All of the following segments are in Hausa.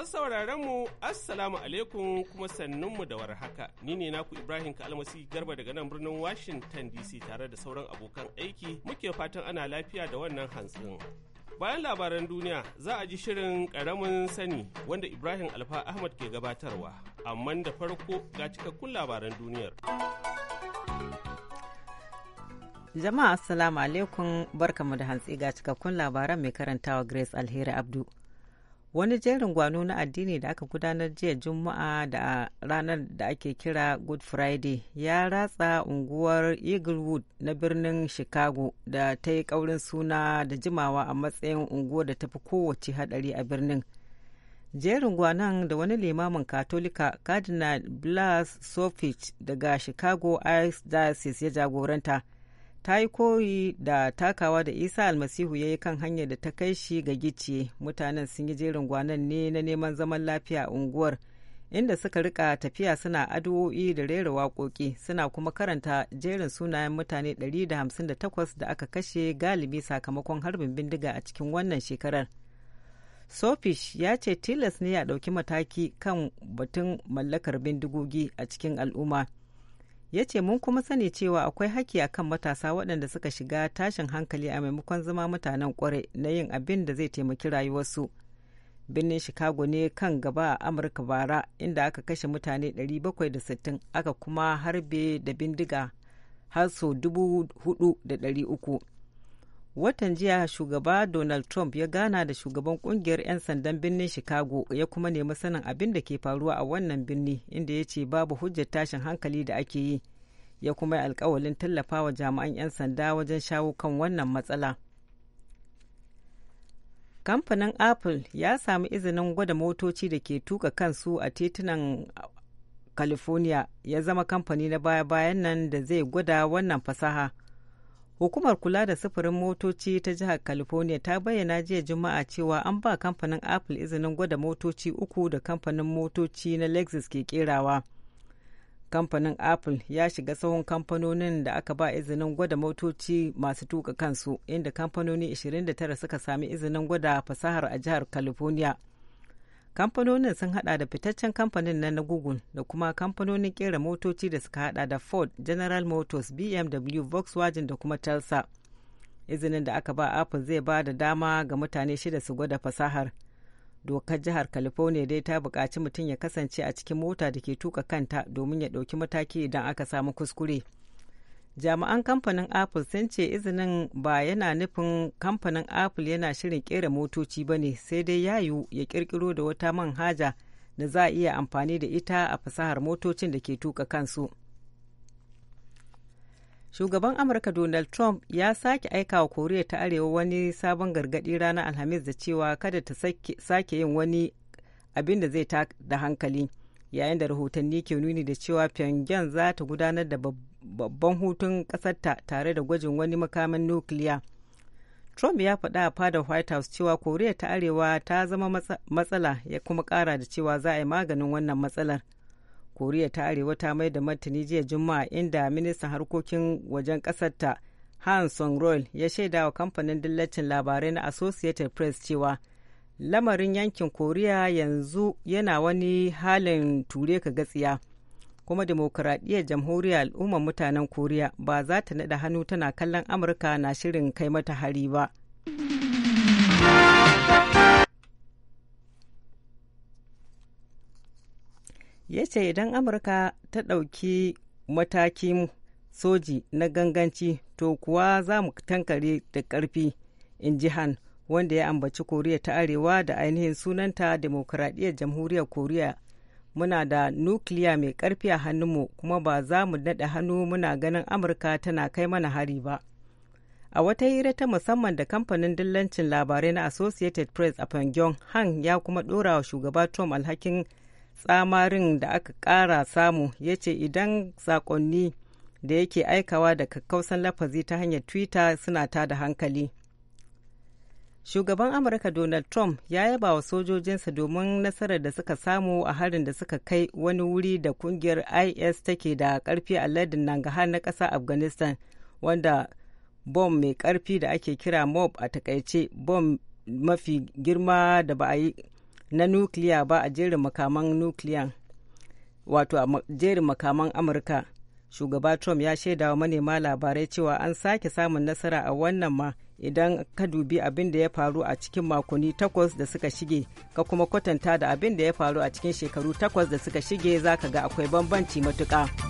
Masu sauraron mu Assalamu alaikum kuma sannunmu da warhaka. Ni ne naku Ibrahim Kalmasi Garba daga nan birnin Washington DC tare da sauran abokan aiki muke fatan ana lafiya da wannan hantsin. Bayan labaran duniya za a ji shirin karamin sani wanda Ibrahim Alfa Ahmad ke gabatarwa, amma da farko ga cikakkun labaran duniyar. Jama'a Assalamu alaikum barkamu da hantsi ga cikakkun labaran mai karantawa Grace Alheri Abdu. wani jerin gwano na addini da aka gudanar jiya juma'a da ranar da ake kira good friday ya ratsa unguwar eaglewood na birnin chicago da ta yi kaurin suna da jimawa a matsayin unguwar da ta fi kowace hadari a birnin jerin gwanon da wani limamin katolika cardinal blas sofich daga chicago diocese ya jagoranta ta yi koyi da takawa da isa almasihu ya yi kan hanyar da ta kai shi ga gicciye mutanen sun yi jerin gwanan ne na neman zaman lafiya a unguwar inda suka rika tafiya suna addu'o'i da rera waƙoƙi suna kuma karanta jerin sunayen mutane 158 da aka kashe galibi sakamakon harbin bindiga a cikin wannan shekarar sofish ya ce tilas ne ya ɗauki mataki kan batun mallakar bindigogi a cikin al'umma ya ce mun kuma sani cewa akwai haki akan matasa waɗanda suka shiga tashin hankali a maimakon zama mutanen kwarai na yin abin da zai taimaki rayuwarsu birnin chicago ne kan gaba a amurka bara inda aka kashe mutane 760 aka kuma harbe da bindiga har sau 4,300 watan jiya shugaba donald trump ya gana da shugaban kungiyar 'yan sandan birnin chicago ya kuma nemi sanin abin da ke faruwa a wannan birni inda ya ce babu hujjar tashin hankali da ake yi ya kuma yi alkawalin tallafa wa jami'an 'yan sanda wajen shawo kan wannan matsala. Kamfanin Apple ya sami izinin gwada motoci da ke tuka kansu a titunan California ya zama kamfani na baya-bayan nan da zai gwada wannan fasaha. Hukumar kula da sufurin motoci ta jihar California ta bayyana jiya Juma'a cewa an ba kamfanin Apple izinin gwada motoci uku da kamfanin motoci na Lexus ke kerawa. kamfanin apple ya shiga sahun kamfanonin da aka ba izinin gwada motoci masu tuka kansu inda kamfanoni 29 suka sami izinin gwada fasahar a jihar california kamfanonin sun hada da fitaccen kamfanin na na google da kuma kamfanonin kera motoci da suka hada da ford general motors bmw volkswagen da kuma telsa izinin da aka ba apple zai ba da dama ga mutane shida su gwada fasahar dokar jihar california dai ta buƙaci mutum ya kasance a cikin mota da ke tuka kanta domin ya ɗauki mataki idan aka samu kuskure jami'an kamfanin apple sun ce izinin ba yana nufin kamfanin apple yana shirin kera motoci ba ne sai dai yayu ya kirkiro da wata manhaja da za a iya amfani da ita a fasahar motocin da ke tuka kansu shugaban amurka donald trump ya sake aika wa koriya ta arewa wani sabon gargaɗi ranar alhamis da cewa kada ta sake yin wani abin da zai da hankali yayin da rahotanni ke nuni da cewa pyongyang za ta gudanar da babban hutun ƙasarta tare da gwajin wani makamin nukiliya trump ya faɗa a fadar white house cewa koriya ta arewa ta zama matsala ya kuma kara da cewa za a yi maganin wannan matsalar koriya ta arewa ta mai da martani jiya juma'a inda ministan harkokin wajen ƙasarta ta han song royal ya shaida wa kamfanin dillacin labarai na associated press cewa lamarin yankin koriya yanzu yana wani halin ture ka gatsiya kuma demokuraɗiyyar jamhuriyar al'ummar mutanen koriya ba za ta naɗa hannu tana kallon amurka na shirin kai mata hari ba. ya ce idan amurka ta ɗauki matakin soji na ganganci to kuwa za mu tankare da ƙarfi in ji han wanda ya ambaci koriya ta arewa da ainihin sunanta demokuraɗiyyar jamhuriyar koriya muna da nukiliya mai ƙarfi a hannunmu kuma ba za mu naɗa hannu muna ganin amurka tana kai mana hari ba a wata hira ta musamman da kamfanin dillancin labarai na associated press a pyongyang han ya kuma ɗora wa shugaba trump alhakin tsamarin da aka ƙara samu ya ce idan sakonni da yake aikawa da kakkausan lafazi ta hanyar twitter suna tada hankali shugaban amurka donald trump ya yaba wa sojojinsa domin nasarar da suka samu a harin da suka kai wani wuri da kungiyar is take da karfi a lardin nangahar na ƙasa afghanistan wanda bom mai karfi da ake kira mob a takaice bom mafi girma da ba a yi na nukiliya ba a jerin makaman nukiliyan wato a jerin makaman amurka shugaba trump ya shaida manema labarai cewa an sake samun nasara a wannan ma idan ka dubi abin da ya faru a cikin makonni takwas da suka shige ka kuma kwatanta da abin da ya faru a cikin shekaru takwas da suka shige za ka ga akwai bambanci matuƙa.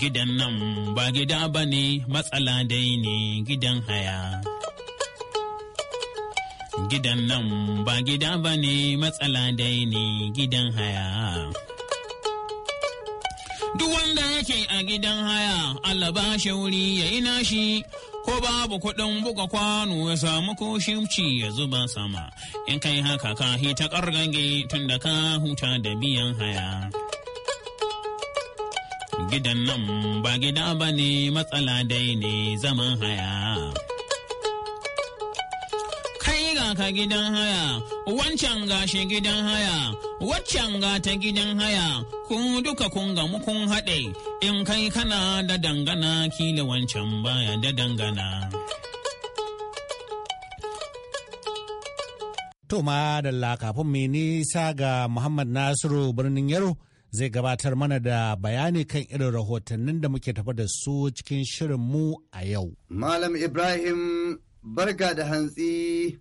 gidan nan ba gida ba ne matsala dai ne gidan haya. Gidan nan ba gida ba ne matsala dai ne gidan haya. Duk wanda yake a gidan haya, Allah ba shi wuri ya yi nashi. ko babu kuɗin buga kwano ya samu ko shimci ya zuba sama in kai haka ka hita ƙargage tun da ka huta da biyan haya. gidan nan ba gida ba ne matsala dai ne zaman haya. Kai ga ka gidan haya, wancan gashi gidan haya, waccan ga ta gidan haya, ku duka kun gamu kun haɗe, in kai kana da dangana kila wancan baya da dangana. To ma da kafin mai nisa ga Muhammad Nasiru birnin Yaro. zai gabatar mana da bayani kan irin rahotannin da muke tafa da su cikin shirin mu a yau. Malam Ibrahim barga da hantsi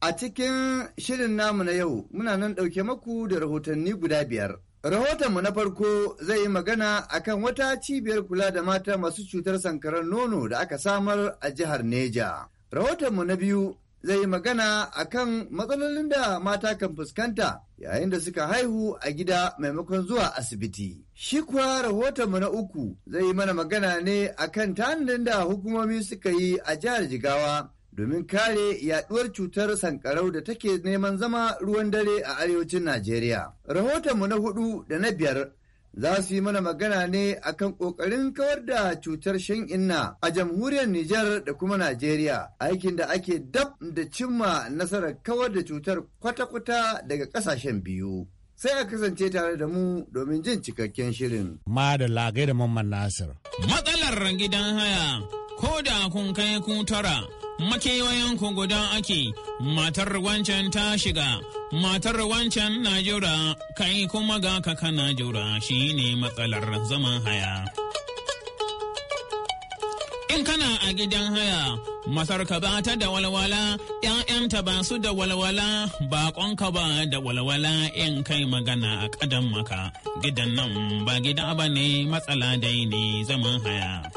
a cikin shirin namu na yau muna nan ɗauke maku da rahotanni guda biyar. Rahotonmu na farko zai yi magana akan wata cibiyar kula da mata masu cutar sankarar nono da aka samar a jihar Neja. Rahotonmu na biyu zai yi magana a kan matsalolin da mata kan fuskanta yayin da suka haihu a gida maimakon zuwa asibiti. Shi kuwa rahotonmu na uku zai yi mana magana ne a kan tanadin da hukumomi suka yi a jihar Jigawa domin kare yaduwar cutar sankarau da take neman zama ruwan dare a arewacin Najeriya. Rahotonmu na hudu da na biyar za su yi mana magana ne akan ƙoƙarin kawar da cutar shan inna a jamhuriyar Nijar da kuma Najeriya aikin da ake dab da cimma nasarar kawar da cutar kwata-kwata daga ƙasashen biyu. Sai a kasance tare da mu domin jin cikakken shirin. Ma da lagai da Mamman Nasir. Matsalar gidan haya, ko da kun kai tara. makewayen kogo guda ake matar wancan ta shiga matar wancan na jura kai kuma ga kaka na jura Shi ne matsalar zaman haya in kana a gidan haya masarka ba ta da walwala ‘ya'yanta ba su da walwala baƙonka ba da walwala in kai magana a ƙadan maka gidan nan ba gida ba ne matsala dai ne zaman haya.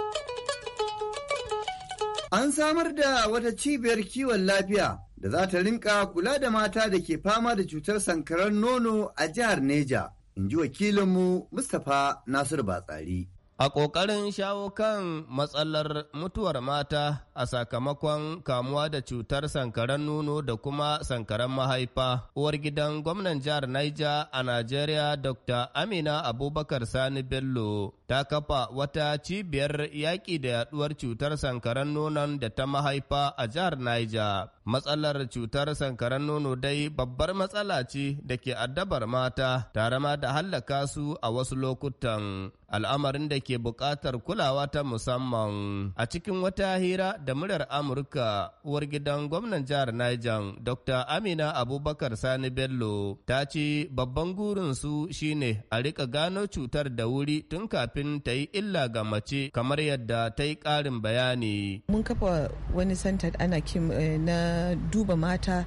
An samar da wata cibiyar kiwon lafiya da za ta rinka kula da mata da ke fama da cutar sankarar nono a jihar Neja, in ji wakilinmu Mustapha Nasiru Batsari. A ƙoƙarin shawo kan matsalar mutuwar mata a sakamakon kamuwa da cutar sankaran nono da kuma sankaran mahaifa, uwar gidan gwamnan jihar Niger a Najeriya Dr. Amina Abubakar Sani Bello ta kafa wata cibiyar yaƙi da yaɗuwar cutar sankaran nonon da ta mahaifa a jihar Niger. Matsalar cutar sankaran nono dai babbar matsala ce da ke addabar mata tare ma da hallaka su a wasu lokutan. Al'amarin da ke buƙatar kulawa ta musamman. A cikin wata hira da muryar Amurka, uwar gidan gwamnan jihar Niger, Dr. Amina Abubakar Sani Bello, ta ce babban gurin su shine a rika gano cutar da wuri tun kafin kafin ta yi illa ga mace kamar yadda ta yi ƙarin bayani. Mun kafa wani santa ana kim eh, na duba mata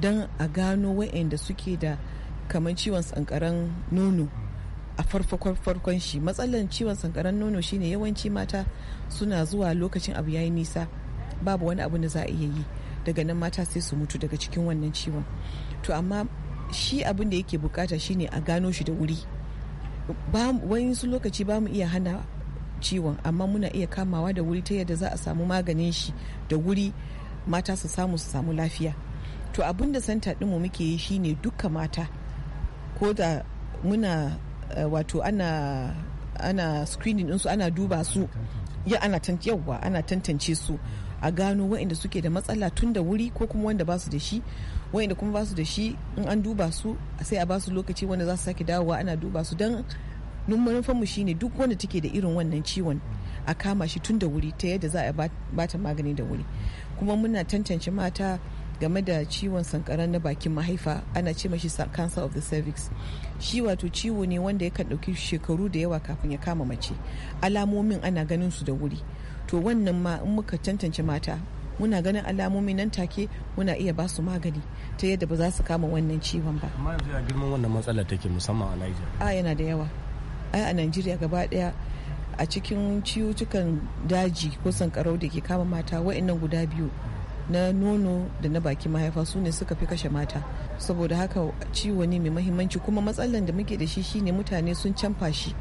don a gano waɗanda suke da kamar ciwon sankaran nono a farfakon farkon shi matsalar ciwon sankaran nono shine yawanci mata suna zuwa lokacin abu yayi nisa babu wani abu da za a iya yi daga nan mata sai su mutu daga cikin wannan ciwon to amma shi abin da yake bukata shine a gano shi da wuri wani su lokaci ba mu iya hana ciwon amma muna iya kamawa da wuri ta yadda za a samu maganin shi da wuri mata su samu su samu lafiya to abin da santa ɗinmu muke yi shine duka mata ko da muna eh, wato ana ana screening ɗinsu ana duba su ya ana ana tantance su a gano waɗanda suke da matsala tun da wuri ko kuma wanda ba su da shi da kuma basu da shi in an duba su sai a basu lokaci wanda za su sake dawowa ana duba su don numfarin shi ne duk wanda take da irin wannan ciwon a kama shi tun da wuri ta yadda za a bata magani da wuri kuma muna tantance mata game da ciwon sankaran na bakin mahaifa ana ce mashi cancer of the cervix shi wato ciwo ne wanda yakan ɗauki shekaru da yawa kafin ya kama mace alamomin ana ganin su da wuri to wannan ma in muka tantance mata muna ganin alamomi nan take muna iya ba su magani ta yadda ba za su kama wannan ciwon ba amma yanzu a girman wannan matsalar take musamman a Niger a yana da yawa ai a Najeriya gaba daya a cikin ciwucukan daji ko sankarau da ke kama mata wa'annan guda biyu na nono da na baki mahaifa su ne suka fi kashe mata saboda haka ciwo ne mai mahimmanci kuma matsalan da muke da shi shine mutane sun canfa shi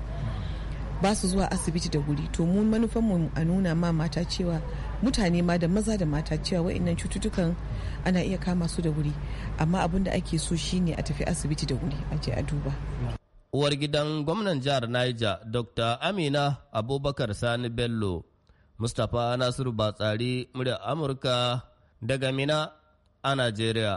ba su zuwa asibiti da wuri to mu manufan mu a nuna ma mata cewa mutane ma da maza da mata cewa wa'annan cututtukan ana iya kama su da wuri amma abin da ake so shine a tafi asibiti da wuri a je a duba uwar gidan gwamnan jihar Niger Dr. Amina Abubakar Sani Bello Mustapha Nasiru Batsari murya Amurka daga Mina a Najeriya.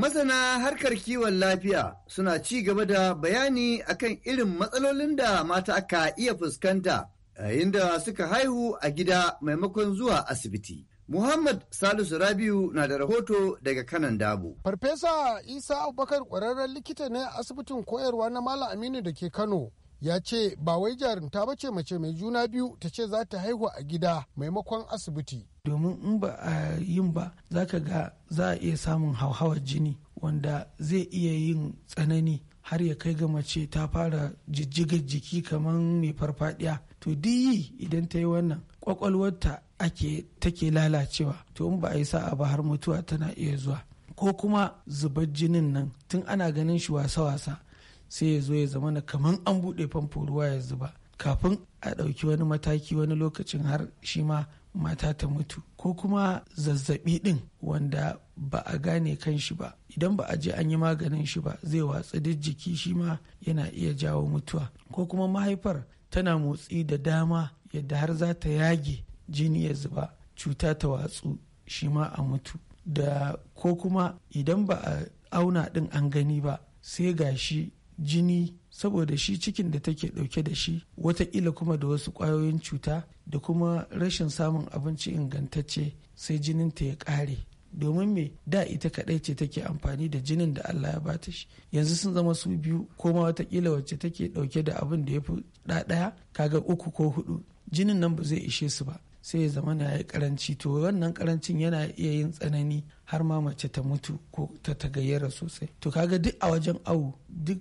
Masana harkar kiwon lafiya suna ci gaba da bayani akan irin matsalolin da mata ka iya fuskanta yayin da suka haihu a gida maimakon zuwa asibiti. Muhammad Salisu Rabiu na da rahoto daga kanan dabu. Farfesa Isa Abubakar ƙwararren likita ne asibitin koyarwa na Malam Aminu da ke Kano. ya ce ba wai jarinta ba ce mace mai juna biyu ta ce za ta haihu a gida maimakon asibiti. Domin in ba a yin ba za ka ga za a iya samun hauhawar jini wanda zai iya yin tsanani har ya kai ga mace ta fara jijjigar jiki kamar mai farfadiya to diyi idan ta yi wannan kwakwalwarta ake take lalacewa to in ba a yi sa'a ba har mutuwa tana iya zuwa ko kuma zubar jinin nan tun ana ganin shi wasa-wasa sai ya zo ya zama na kamar an buɗe famfo ruwa ya zuba kafin a ɗauki wani mataki wani lokacin har shi ma mata ta mutu ko kuma zazzabi din wanda ba a gane kan shi ba idan ba a je an yi maganin shi ba zai watsa duk jiki shi ma yana iya jawo mutuwa ko kuma mahaifar tana motsi da dama yadda har za ta yage jini ya zuba cuta ta watsu shi ma a mutu da ko kuma idan ba a auna din an gani ba sai gashi jini saboda shi cikin da take dauke da shi watakila kuma da wasu kwayoyin cuta da kuma rashin samun abinci ingantacce sai jininta ya kare domin me da ita kadai ce take amfani da jinin da Allah ya bata shi yanzu sun zama su biyu ko watakila wacce take dauke da abin da ya fi ɗaya kaga uku ko hudu jinin nan ba zai ishe su ba sai ya zama na ya karanci to wannan karancin yana iya yin tsanani har ma mace ta mutu ko ta tagayyara sosai to kaga duk a wajen awu duk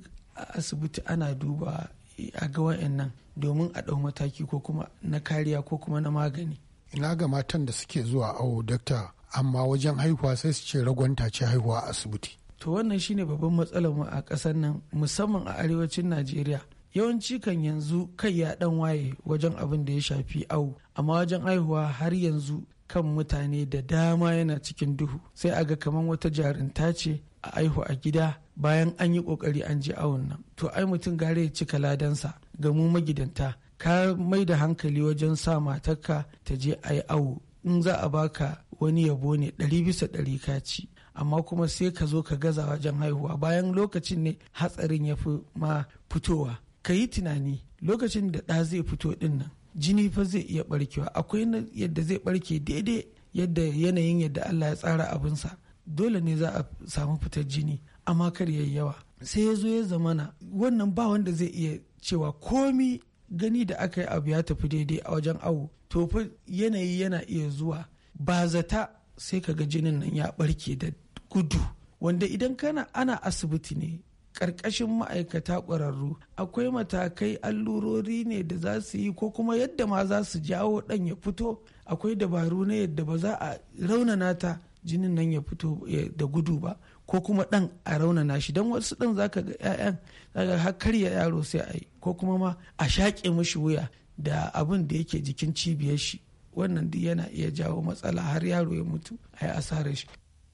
asibiti ana duba a ga wa'annan domin a ɗau mataki ko kuma na kariya ko kuma na magani ina ga matan da suke zuwa awo dakta amma wajen haihuwa sai su ce ragwanta ce haihuwa a asibiti to wannan shine babban matsalar mu a ƙasar nan musamman a arewacin najeriya yawanci kan yanzu kai ya ɗan waye wajen abin da ya shafi awo amma wajen haihuwa har yanzu kan mutane da dama yana cikin duhu sai aga kamar wata jarinta ce a aihu a gida bayan an yi kokari an ji awon nan to ai mutum gare ya cika ladansa ga mu magidanta ka mai da hankali wajen sa matarka ta je a yi awo in za a baka wani yabo ne ɗari bisa ɗari ka ci amma kuma sai ka zo ka gaza wajen haihuwa bayan lokacin ne hatsarin ya fi ma fitowa ka yi tunani lokacin da ɗa zai fito ɗin nan jini fa zai iya barkewa akwai yadda zai barke daidai yadda yanayin yadda Allah ya tsara abinsa dole ne za a samu fitar jini amma kar yayi yawa sai ya zo ya zamana wannan ba wanda zai iya cewa komi gani da aka yi abu ya tafi daidai a wajen awo to fa yanayi yana iya zuwa ba zata sai ka ga jinin nan ya barke da gudu wanda idan kana ana asibiti ne ƙarƙashin ma'aikata ƙwararru akwai matakai allurori ne da za su yi ko kuma yadda ma za su jawo ɗan ya fito akwai dabaru na yadda ba za a raunana ta jinin nan ya fito da gudu ba ko kuma dan a raunana shi don wasu dan zaka ga 'ya'yan zaka har karya yaro sai a yi ko kuma ma a shaƙe mashi wuya da abin da yake jikin cibiyar shi wannan duk yana iya jawo matsala har yaro ya mutu a yi asarar shi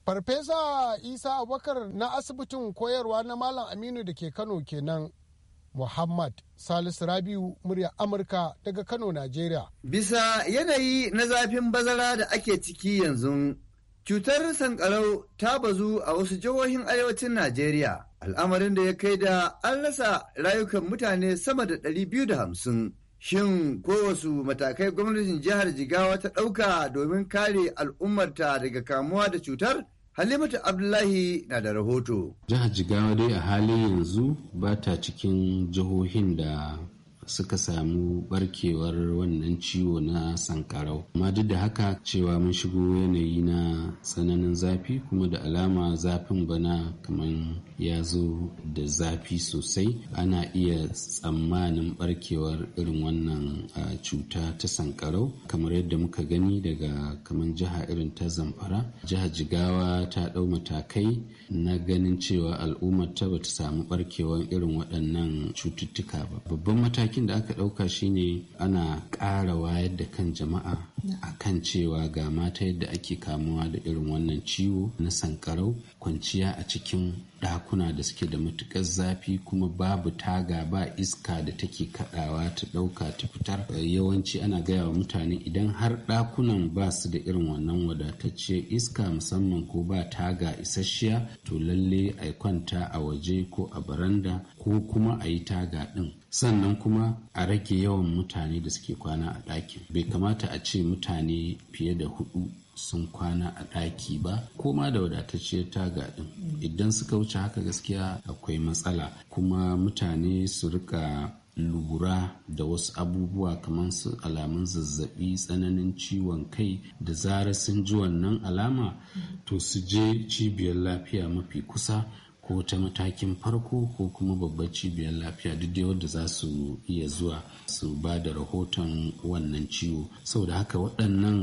farfesa isa abubakar na asibitin koyarwa na malam aminu da ke kano kenan Muhammad Salisu Rabiu murya Amurka daga Kano, nigeria. Bisa yanayi na zafin bazara da ake ciki yanzu Cutar sankarau ta bazu a wasu jihohin arewacin Najeriya, al'amarin da ya kai da an rasa rayukan mutane sama da 250. Shin kowasu matakai gwamnatin jihar Jigawa ta ɗauka domin kare al'ummarta daga kamuwa da cutar? Halimatu Abdullahi na da rahoto. Jihar Jigawa dai a halin yanzu ba ta cikin jihohin da suka samu barkewar wannan ciwo na sankarau amma duk da haka cewa mun shigo yanayi na tsananin zafi kuma da alama zafin bana kamar ya zo da zafi sosai ana iya tsammanin barkewar irin wannan cuta ta sankarau kamar yadda muka gani daga kamar jiha irin ta zamfara Jiha jigawa ta ɗau matakai na ganin cewa al'ummar ta bata samu barkewar irin waɗannan cututtuka ba babban matakin da aka ɗauka shine ana ƙara wayar da kan jama'a a kan cewa ga mata yadda ake kamuwa da irin wannan ciwo na sankarau kwanciya a cikin ɗakuna da suke da matuƙar zafi kuma babu taga ba iska da take kaɗawa ta ɗauka ta fitar eh, yawanci ana gaya wa mutane idan har ɗakunan ba su da irin wannan wadatacce iska musamman ko ba taga isasshiya to lalle a kwanta a waje ko a baranda ko kuma a yi taga ɗin sannan kuma a rage yawan mutane da suke kwana a ɗakin bai kamata a ce mutane fiye da hudu sun kwana a ɗaki ba ko ma da wadatacciyar taga ɗin idan suka wuce haka gaskiya akwai matsala kuma mutane su rika lura da wasu abubuwa kamar su alamun zazzabi tsananin ciwon kai da zarar sun ji wannan alama to su je cibiyar lafiya mafi kusa ko ta matakin farko ko kuma babbar cibiyar lafiya duk dai wadda za su iya zuwa su ba da rahoton wannan ciwo saboda haka waɗannan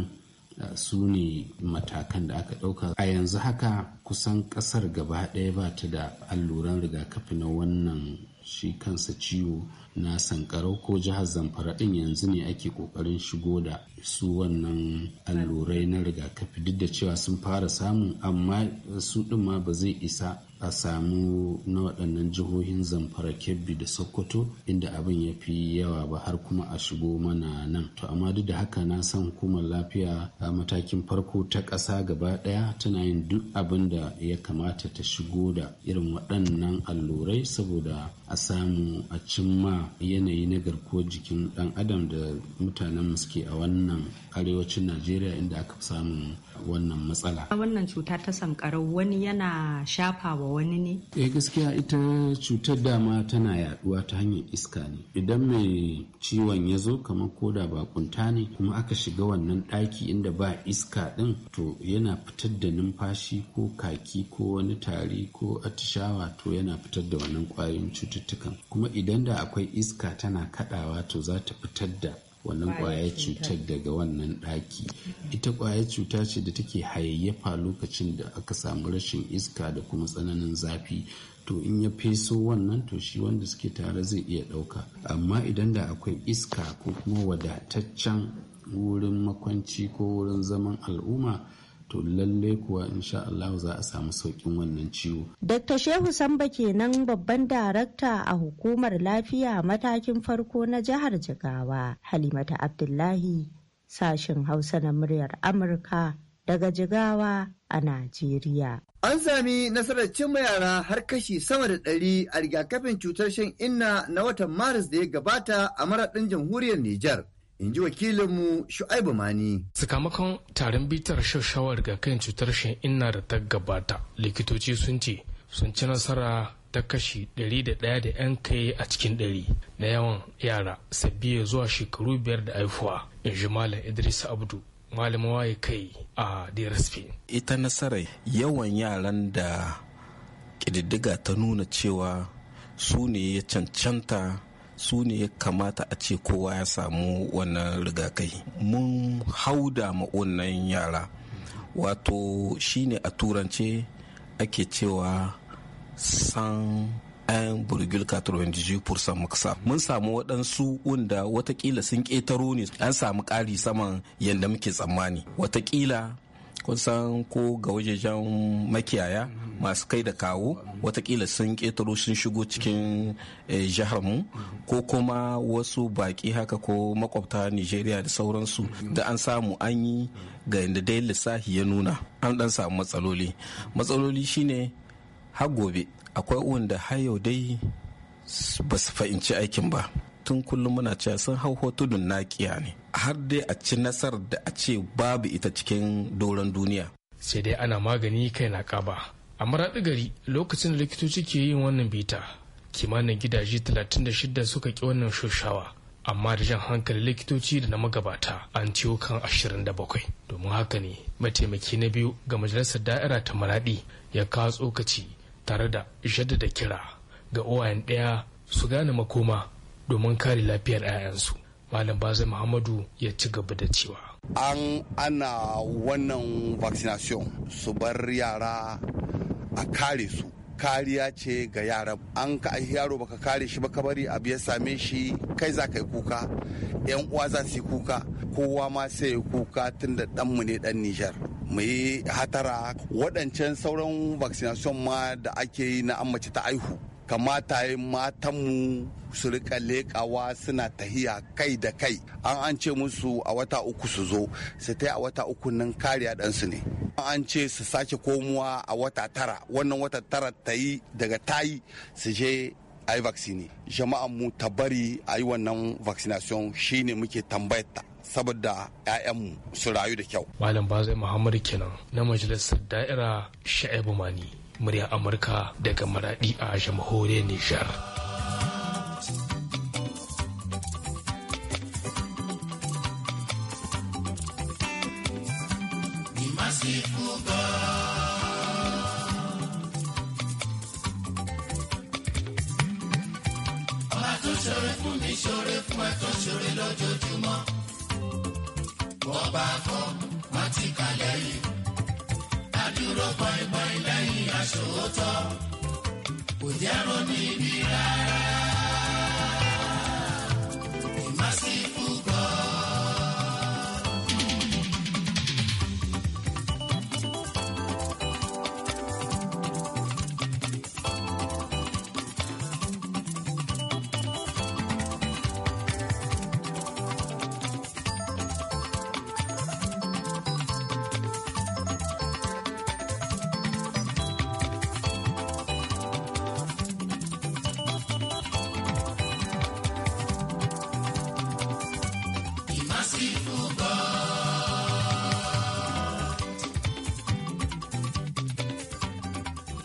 Eh, su ne matakan da aka ɗauka a yanzu haka kusan ƙasar gaba ɗaya ba ta da alluran rigakafi na wannan shi kansa ciwo na sankarau ko jihar zamfara din yanzu ne ake kokarin shigo da su wannan allurai na rigakafi duk da cewa sun fara samu amma su din ma ba zai isa a samu na waɗannan jihohin zamfara kebbi da sokoto inda abin ya fi yawa ba har kuma a shigo mana nan to amma duk da haka na san hukumar lafiya a matakin farko ta ƙasa gaba ɗaya tana yin duk abin da ya kamata ta shigo da irin waɗannan allurai saboda a samu a cimma yanayi na garkuwar jikin ɗan adam da mutanen suke a wannan arewacin najeriya inda aka fi samun wannan matsala wannan cuta ta sankarau wani yana shafa wa wani ne eh gaskiya ita cutar dama tana yaduwa ta hanyar iska ne idan mai ciwon ya zo kamar koda ba ne kuma aka shiga wannan ɗaki inda ba iska ɗin to yana fitar da numfashi ko kaki ko wani tari ko atishawa to yana fitar da wannan kwayoyin cututtukan kuma idan da akwai iska tana kaɗawa to za ta fitar da wannan kwayar cutar daga wannan ɗaki ita kwayar cuta ce da take hayayyafa lokacin da aka samu rashin iska da kuma tsananin zafi to in ya feso wannan to shi wanda suke tare zai iya ɗauka amma idan da akwai iska ko kuma wadataccen wurin makwanci ko wurin zaman al'umma to lalle kuwa insha Allah za a samu saukin wannan ciwo. Dr. Shehu Samba kenan babban darakta a hukumar lafiya matakin farko na jihar Jigawa, Halimata Abdullahi, sashen Hausa na muryar Amurka daga Jigawa a Najeriya. An sami nasarar cimma yara har kashi sama da ɗari a rigakafin cutar shan inna na watan Maris da ya gabata a maraɗin jamhuriyar Nijar. in ji wakilinmu shu'aibu mani sakamakon taron bitar shawarar ga kan cutar shan inna da ta gabata likitoci sun ce sun ci nasara ta kashi 101 da da 'yan kai a cikin 100 na yawan yara sabbi zuwa shekaru biyar da haifuwa in ji malam idris abdu malamin waye kai a DRSP. Ita nasarar yawan yaran da ƙididdiga ta nuna cewa su ne ya cancanta su ne ya kamata a ce kowa ya samu wannan rigakai mun hau da wannan yara wato shi ne a turance ake cewa san ayan burgil 98% maksa mun samu waɗansu wanda watakila sun ƙetaro ne an samu ƙari saman yadda muke tsammani watakila kun san ko ga wajejen makiyaya masu kai da kawo watakila sun ƙetaro sun shigo cikin eh, jihar mu ko kuma wasu baƙi haka ko makwabta nigeria da sauransu da an samu an yi ga yadda dai lissafi ya nuna an dan samu matsaloli matsaloli shine har gobe akwai wanda har yau dai ba su fahimci aikin ba tun kullum muna cewa sun hau tudun nakiya ne har dai a ci nasar da a ce babu ita cikin doron duniya sai dai ana magani kai na kaba a maraɗi gari lokacin da likitoci ke yin wannan bita kimanin gidaje 36 suka ki wannan shoshawa amma da jan hankali likitoci da na magabata an ciwo kan 27 domin haka ne mataimaki na biyu ga majalisar da'ira ta maradi ya kawo tsokaci tare da jaddada kira ga uwayen ɗaya su gane makoma domin kare lafiyar 'ya'yansu malam bazai muhammadu ya ci gaba da cewa an ana wannan vaccination su bar yara a kare su kariya ce ga yara an ka yaro baka kare shi baka bari abu ya same shi kai za ka yi kuka yan uwa za su yi kuka kowa ma sai ya kuka tun da danmu ne dan nijar mu yi hatara waɗancan sauran vaccination ma da ake yi na an mace ta aihu kamata yi matanmu su rika lekawa suna tahiya kai da kai an an ce musu a wata uku su zo su ta a wata uku nan kariya ɗansu ne an ce su sake komowa a wata tara wannan wata tara ta yi daga tayi su je a yi vaccine jama'an mu ta bari a yi wannan vaccination shine muke tambayar ta saboda 'ya'yanmu su rayu da kyau malam bazai muhammadu kenan na majalisar da'ira sha'ibu mani murya amurka daga maradi a jamhuriyar nijar Yeah. ya no ni mirar.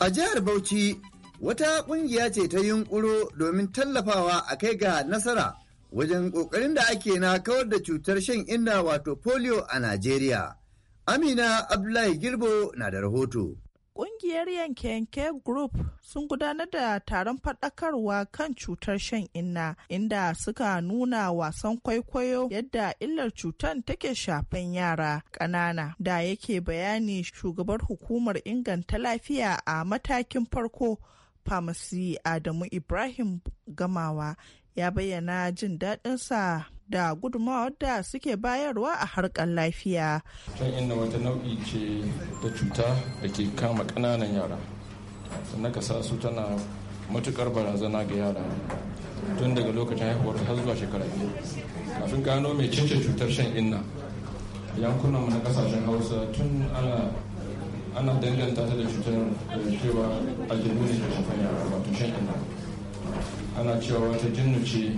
A jihar Bauchi wata kungiya ce ta yunkuro domin tallafawa a kai ga nasara wajen kokarin da ake na kawar da cutar shan inna wato polio a Najeriya. Amina Abdullahi Girbo na da rahoto. Ƙungiyar yanke-yanke Group sun gudanar da taron faɗakarwa kan cutar shan inna, inda suka nuna wasan kwaikwayo yadda illar cutar take shafan yara ƙanana. Da yake bayani shugabar hukumar inganta lafiya a matakin farko, Famasi Adamu Ibrahim Gamawa ya bayyana jin daɗinsa da gudunmawar da suke bayarwa a harkar lafiya. Shan inna wata nau'i ce da cuta da ke kama kananan yara. Sannan ka su tana matukar barazana ga yara tun daga lokacin haihuwar har zuwa shekara biyu. Kafin gano mai cece cutar shan inna. Yankunan na kasashen Hausa tun ana ana danganta ta da cutar cewa aljanu ne ke shafan yara wato shan inna. Ana cewa wata jinnu ce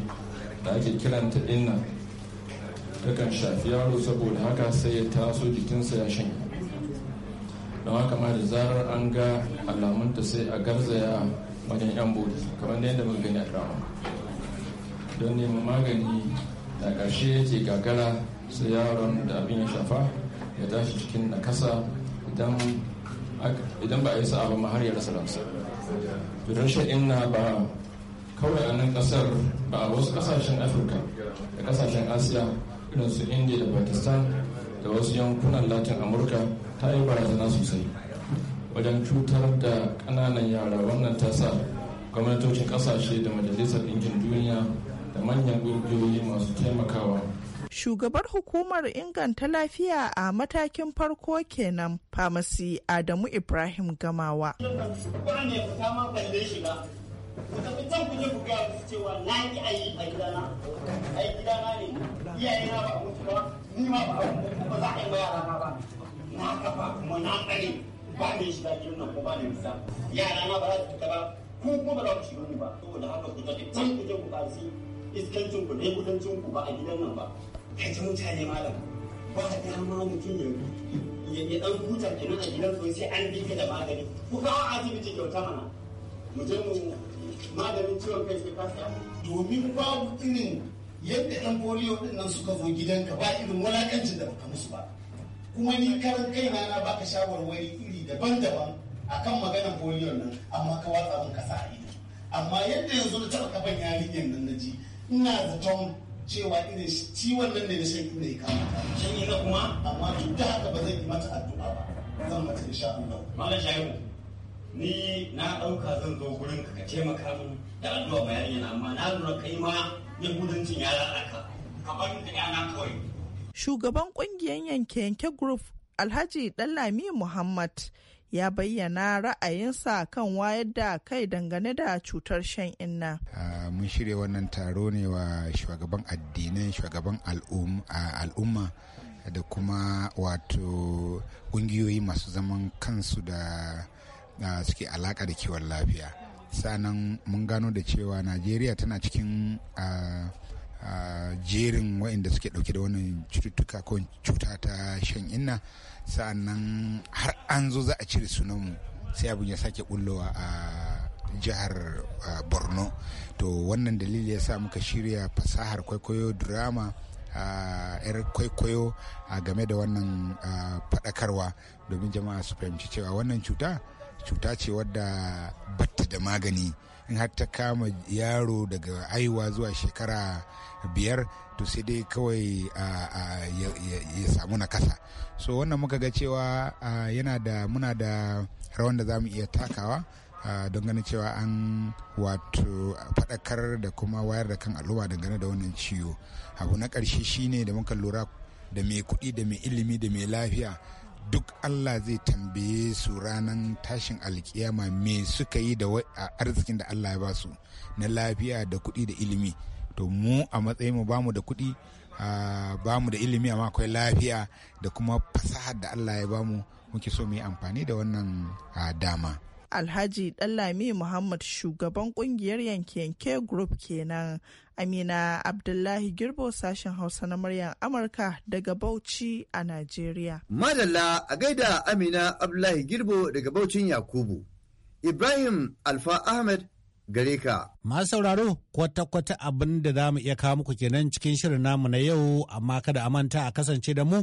da ake kiranta dinnan takan shafi yaro saboda haka sai ya taso jikinsa ya shanya don haka ma da zarar an ga alamunta sai a garzaya wajen yan bodi kamar da yadda muka gani a drama don neman magani da ƙarshe yake gagara sai yaron da abin ya shafa ya tashi cikin nakasa idan ba a yi sa'a ba har ya rasa ransa. Rashin inna ba kawai a nan kasar ba a wasu kasashen afirka da kasashen asiya irin su india da pakistan da wasu yankunan latin amurka ta yi barazana sosai wajen cutar da ƙananan yara wannan ta sa gwamnatocin kasashe da majalisar ɗinkin duniya da manyan ƙungiyoyi masu taimakawa shugabar hukumar inganta lafiya a matakin farko kenan famasi adamu ibrahim gamawa ku tafi can kuje je ku gaya musu cewa na ki a yi a gidana a yi gidana ne iyaye na ba a mutu ba ni ma ba a mutu ba za a yi ma yara na ba na kafa kuma na tsare ba mai shiga gidan nan ko ba mai bisa yara na ba za su fita ba ku kuma ba za ku shiga ni ba saboda haka ku tafi can ku je ku ƙarfi iskancin ku ne kudancin ku ba a gidan nan ba kai ta mutane malam ba dama mutum ya ya dan huta kenan a gidan sai an bi da magani ku kawo asibiti kyauta mana mu je mu maganin ciwon kai sai ka samu domin babu irin yadda ɗan foliyo ɗin nan suka zo gidanka ba irin wulaƙancin da baka musu ba kuma ni karan kai na baka shawarwari iri daban-daban akan maganar foliyo nan amma ka watsa mun kasa a ido amma yadda yanzu na taɓa kafan yarinyar nan na ji ina zaton cewa irin ciwon nan ne na shan ina ya kama ta shan kuma amma duk da haka ba zan yi mata addu'a ba zan mata insha Allah malam ni na ɗauka zan zo gurin ka ka taimaka min da addu'a bayan yana amma na lura kai ma yahudancin ya lalaka ka bar ka yana kawai. Shugaban ƙungiyar yanke-yanke group Alhaji Ɗanlami Muhammad ya bayyana ra'ayinsa kan wayar da kai dangane da cutar shan inna. Ah, mun shirya wannan taro ne wa shugaban addinai shugaban al'umma da kuma wato ƙungiyoyi masu zaman kansu da suke alaka da kiwon lafiya sanan mun gano da cewa najeriya tana cikin jerin wa'inda suke dauke da wannan cututtuka ko cuta ta shan inna sa'annan har an zo za a cire sunanmu sai abin ya sake bullowa a jihar borno to wannan dalili ya sa muka shirya fasahar kwaikwayo drama yar kwaikwayo a game da wannan faɗakarwa domin jama'a su fahimci cewa wannan cuta cuta ce wadda batta da magani in har ta kama yaro daga aiwa zuwa shekara biyar to sai dai kawai ya samu na kasa so wannan muka ga cewa yana da muna da rawan da za mu iya takawa don ganin cewa an wato faɗakar da kuma wayar da kan al'umma dangane da wannan ciwo abu na karshe shine da muka lura da mai kuɗi da mai ilimi da mai lafiya duk Allah zai tambaye su ranan tashin alkiyama me suka yi da arzikin da Allah ya ba su na lafiya da kuɗi da ilimi to mu a matsayin mu bamu da kuɗi bamu da ilimi amma akwai lafiya da kuma fasahar da Allah ya bamu muke so mu yi amfani da wannan dama. Alhaji Dallami Muhammad shugaban kungiyar yanke-yanke group kenan. Amina Abdullahi Girbo sashen Hausa na muryar Amurka daga Bauchi a Najeriya. Madalla a gaida Amina Abdullahi Girbo daga Baucin Yakubu. Ibrahim Alfa Ahmed Gareka. ka. Masu sauraro kwata-kwata abin da za mu iya kawo muku kenan cikin shirin namu na yau amma kada a manta a kasance da mu.